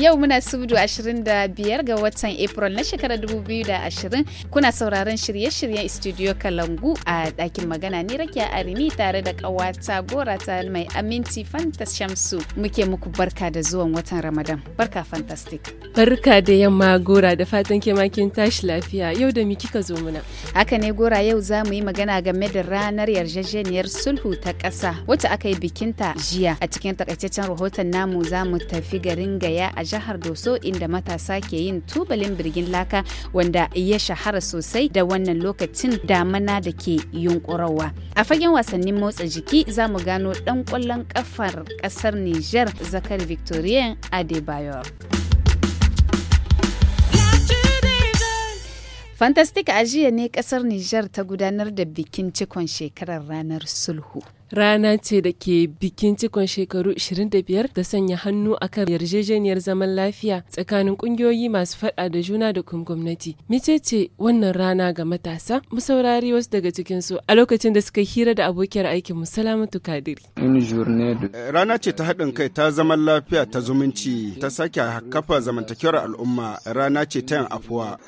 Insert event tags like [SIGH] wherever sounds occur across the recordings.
Yau muna subdu 25 ga watan April na shekarar 2020 kuna sauraron shirye-shiryen Studio Kalangu a ɗakin magana ni Rakiya Arimi tare da kawata gora ta mai aminti Fantas Shamsu muke muku barka da zuwan watan Ramadan. Barka Fantastic. Barka da yamma gora da fatan ke makin tashi lafiya yau da miki ka zo muna. Haka ne gora yau za mu yi magana game da ranar yarjejeniyar sulhu ta ƙasa wacce aka yi bikinta jiya a cikin takaitaccen rahoton namu za mu tafi garin gaya a jihar Doso inda matasa ke yin tubalin birgin laka wanda ya shahara sosai da wannan lokacin damana da ke yunƙurawa A fagen wasannin motsa jiki za mu gano ɗan ƙwallon ƙafar ƙasar Nijar Zakar Victorien Adebayor. Fantastic ajiya ne ƙasar Nijar ta gudanar da bikin cikon shekarar ranar sulhu. rana ce da ke bikin cikon shekaru 25 da sanya hannu a kan yarjejeniyar zaman lafiya tsakanin kungiyoyi masu fada da juna da kuma gwamnati. Mice ce wannan rana ga matasa? Mu wasu daga cikin su a lokacin da suka hira da abokiyar aikin mu Salamatu Kadiri. Eh, rana ce ta haɗin kai ta zaman lafiya ta zumunci ta sake kafa zamantakewar al'umma rana ce ta yin afuwa.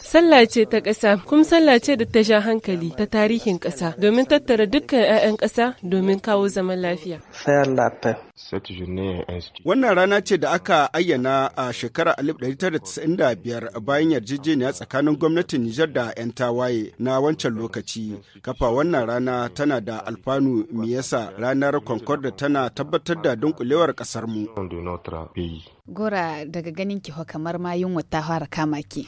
Sallah ce ta ƙasa kuma sallah ce da ta sha hankali ta tarihin ƙasa domin tattara dukkan 'yan ƙasa domin kawo zaman lafiya. Wannan rana ce da aka ayyana a shekarar 1995 bayan yarjejeniya tsakanin gwamnatin Nijar da 'yan tawaye na wancan lokaci. Kafa wannan rana tana da alfanu miyasa ranar Concord tana tabbatar da dunkulewar mu. Gora daga ganin kiho kamar ma yunwa ta fara kama ki.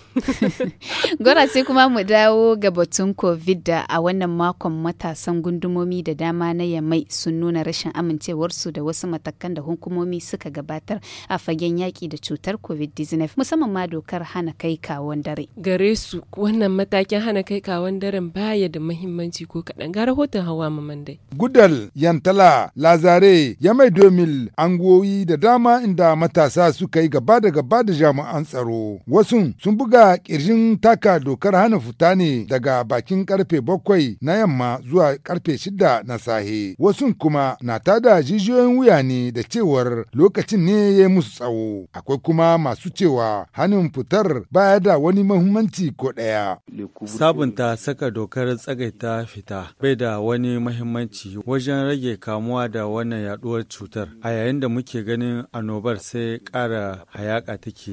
[LAUGHS] Gora sai kuma mu dawo ga batun COVID da a wannan makon matasan gundumomi da dama na Yamai sun nuna rashin amincewarsu da wasu matakan da hukumomi suka gabatar a fagen yaƙi da cutar COVID-19 musamman ma dokar hana kai kawon dare. Gare su wannan matakin hana kai kawon daren baya da muhimmanci ko kaɗan ga rahoton hawa mamande Gudal, Yantala, Lazare, ya mai Domil, angoyi da dama inda matasa suka yi gaba da gaba da jami'an tsaro. Wasu sun buga kirjin taka dokar hana fita ne daga bakin karfe bakwai na yamma zuwa karfe shida na sahe wasu kuma na tada jijiyoyin wuya ne da cewar lokacin ne ya yi musu tsawo akwai kuma masu cewa hannun fitar baya da wani mahimmanci ko ɗaya. sabunta saka dokar tsagaita fita bai da wani mahimmanci wajen rage kamuwa da wannan yaduwar cutar a yayin da muke ganin annobar sai ƙara hayaka take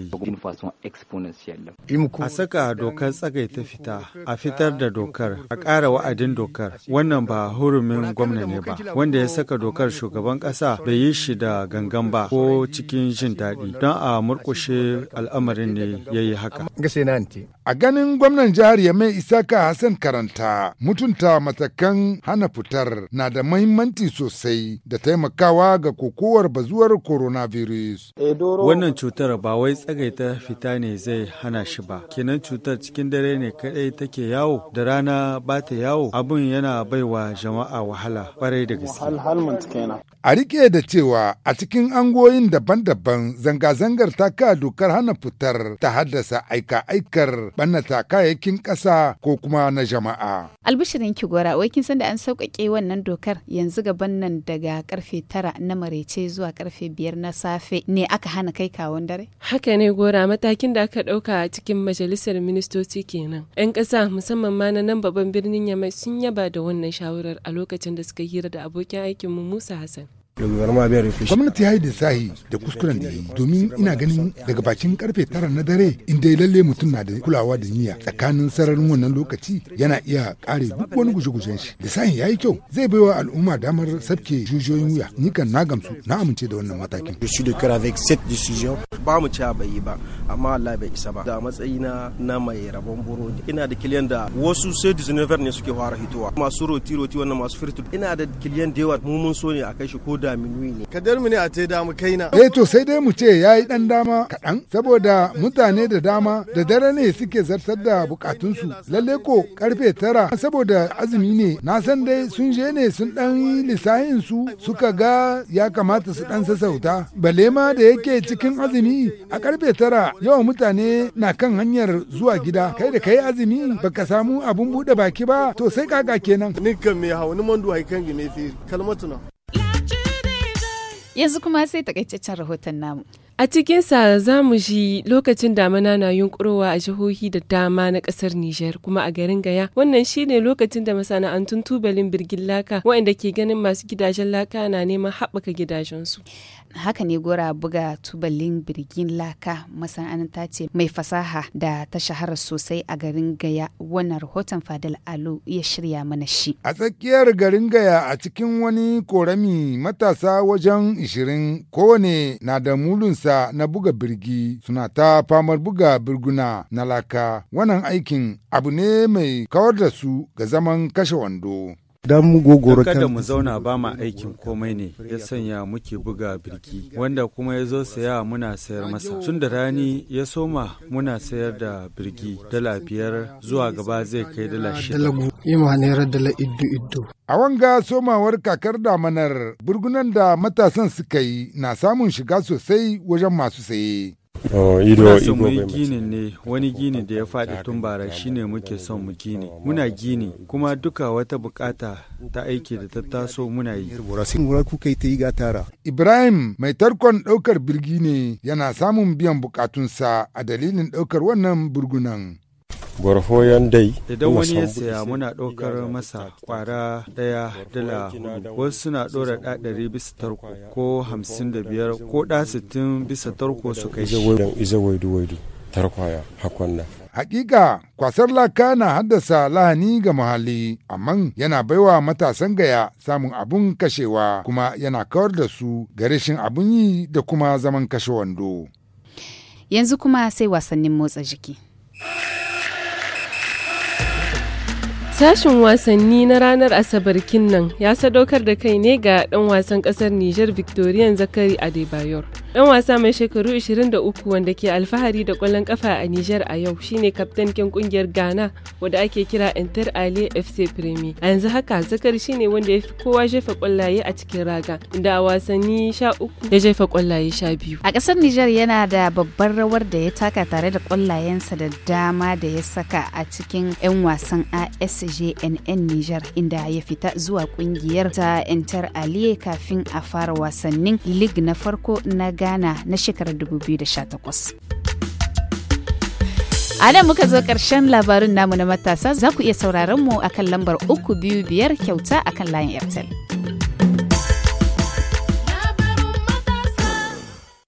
yi a saka dokar tsagaita fita a fitar da dokar a ƙara wa'adin dokar wannan ba hurumin hurumin gwamna ne ba wanda ya saka dokar shugaban kasa bai yi shi da gangan ba ko cikin jin daɗi don a murkushe al'amarin ne ya yi haka a ganin gwamnan jihar ya mai isaka hassan karanta mutunta matakan hana fitar na da mahimmanci sosai da taimakawa ga kokowar bazuwar coronavirus eh, wannan cutar ba wai tsagaita fita ne zai hana shi ba kenan cutar cikin dare ne kadai take yawo da rana ba ta yawo abun yana baiwa jama'a wahala kwarai da gaske. A rike da cewa a cikin angoyin daban-daban zanga-zangar ta ka dokar hana fitar ta haddasa aika-aikar ɓannata kayayyakin ƙasa ko kuma na jama'a. Albishirin Kigora, wai kin san da an sauƙaƙe wannan dokar yanzu gaban nan daga karfe tara na marece zuwa karfe biyar na safe ne aka hana kai kawon dare? Haka ne gora matakin da aka ɗauka a cikin majalisar ministoci kenan. 'Yan ƙasa musamman ma na nan babban birnin Yamai sun yaba da wannan shawarar a lokacin lokacin da suka hira da abokin aikinmu Musa Hassan. Gwamnati ya yi sahi da kuskuren da ya yi domin ina ganin daga bakin karfe tara na dare in ya lalle mutum na da kulawa da niyya tsakanin sararin wannan lokaci yana iya kare duk wani guje-gujen shi. sahi ya yi kyau zai baiwa al'umma damar sabke jujiyoyin wuya ni kan na gamsu na amince da wannan matakin. Ba mu ci bai yi ba amma Allah bai isa ba. Da matsayina na mai rabon burodi ina da kiliyan da wasu sai ne suke fara hitowa masu roti-roti wannan masu firtu ina da kiliyan da yawa mu mun so ne a kai shi ko da da ne kadar mu ne a te damu kaina eh to sai dai mu ce yayi ɗan dama kaɗan saboda mutane da dama da dare ne suke zartar da bukatunsu lalle ko karfe tara saboda azumi ne na san dai sun je ne sun ɗan yi su suka ga ya kamata su ɗan sassauta bale ma da yake cikin azumi a karfe tara yawan mutane na kan hanyar zuwa gida kai da kai azumi baka samu abun buɗe baki ba to sai kaga kenan ni kan me hawo ni mandu haikan gine fi kalmatuna Yanzu kuma sai takaitaccen rahoton namu. A cikinsa za mu ji lokacin damana na yunkurowa a jihohi da dama na kasar Nijar kuma a garin Gaya. Wannan shi ne lokacin da masana'antun tubalin birgin laka waɗanda ke ganin masu gidajen laka na neman haɓaka gidajensu. Haka ne gora buga tubalin birgin laka masana'anta ce mai fasaha da ta shahara sosai a garin Gaya wannan rahoton Fadal Alo ya shirya mana shi. A tsakiyar garin Gaya a cikin wani korami matasa wajen 20 kowane na da mulun sa na buga birgi suna ta famar buga birguna na laka wannan aikin abu ne mai kawar da su ga zaman kashe wando. dan gogoro da mu zauna ba ma aikin komai ne ya sanya muke buga birki wanda kuma ya zo saya muna sayar masa tun da rani ya soma muna sayar da birki dala biyar zuwa gaba zai kai dala shida dala iddu iddu A wanga somawar kakar damanar burgunan da matasan suka yi na samun shiga sosai wajen masu saye. Oh, muna mu yi gini ne wani gini da ya faɗi tun bara shine muke son mu gini. Muna gini kuma duka wata bukata ta aiki da ta taso muna yi. Ibrahim mai tarkon ɗaukar birgi ne yana samun biyan bukatunsa a dalilin ɗaukar wannan burgunan. gwarfoyon dai idan wani ya saya muna ɗaukar masa kwara ɗaya dala hudu wasu suna ɗora ɗa bisa tarko ko hamsin da biyar ko ɗa sittin bisa tarko su kai shi Hakika kwasar laka na haddasa lahani ga muhalli, amma yana baiwa matasan gaya samun abun kashewa kuma yana kawar da su ga rashin abun yi da kuma zaman kashe wando. Yanzu kuma sai wasannin motsa jiki. Sashen wasanni na ranar Asabar Kinnan ya sadaukar da kai ne ga ɗan wasan ƙasar Nijar Victorian Zakari Adebayor. Dan wasa mai shekaru 23 wanda ke alfahari da kwallon kafa a Nijar a yau shine kaftan kin kungiyar Ghana wanda ake kira Inter Ali FC Premier. A yanzu haka Zakari shine wanda ya fi kowa jefa kwallaye a cikin raga inda a wasanni 13 ya jefa kwallaye 12. A kasar Nijar yana da babbar rawar da ya taka tare da kwallayensa da dama da ya saka a cikin 'yan wasan ASJNN Nijar inda ya fita zuwa kungiyar ta Inter Ali kafin a fara wasannin lig na farko na Ghana. ghana na shekarar 2018 A nan muka zo ƙarshen labarin namu na matasa za ku iya sauraron mu akan lambar uku biyu biyar kyauta akan layin Airtel.